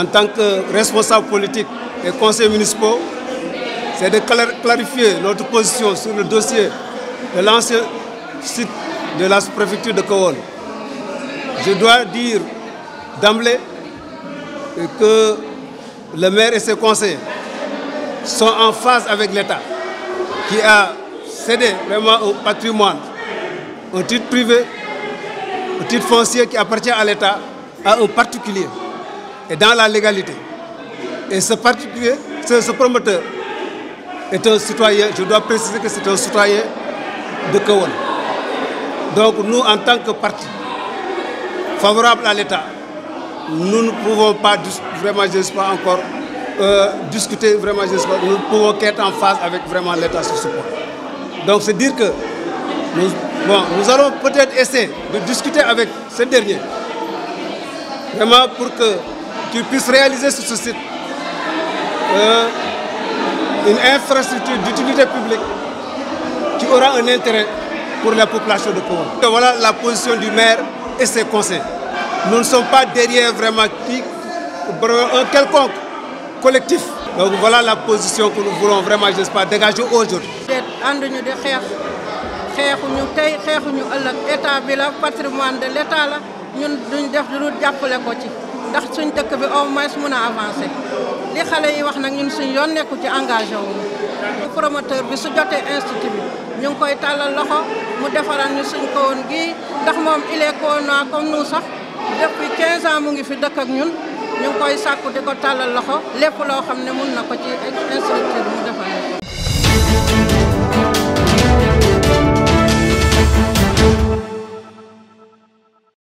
en tant que responsable politique et conseil municipal, c'est de clarifier notre position sur le dossier de l'ancien site de la préfecture de Kowal. Je dois dire d'emblée que le maire et ses conseils sont en phase avec l'État qui a cédé vraiment au patrimoine, au titre privé, au titre foncier qui appartient à l'État, à un particulier et dans la légalité. Et ce particulier, ce, promoteur est un citoyen, je dois préciser que c'est un citoyen de Kowon. Donc nous, en tant que parti favorable à l'État, nous ne pouvons pas, vraiment, je ne sais pas encore, euh, discuter, vraiment, je ne sais pas, nous ne pouvons qu'être en phase avec vraiment l'État sur ce point. Donc c'est dire que bon, nous allons peut-être essayer de discuter avec ce dernier, vraiment pour que qui puisse réaliser sur ce site euh, une infrastructure d'utilité publique qui aura un intérêt pour la population de Kourou. Voilà la position du maire et ses conseils. Nous ne sommes pas derrière vraiment un quelconque collectif. Donc voilà la position que nous voulons vraiment, j'espère, dégager aujourd'hui. Nous de patrimoine de l'état ndax suñ dëkk bi au moins mun a avancé li xale yi wax nag ñun suñ yoon nekku ci engagé wu ñu promoteur bi su jotee institut bi ñu ngi koy tàllal loxo mu defaral ñu suñ kawoon gi ndax moom il est koona comme sax depuis 15 ans mu ngi fi dëkk ak ñun ñu ngi koy sàkku di ko tàllal loxo lépp loo xam ne mun na ko ci institut mu defal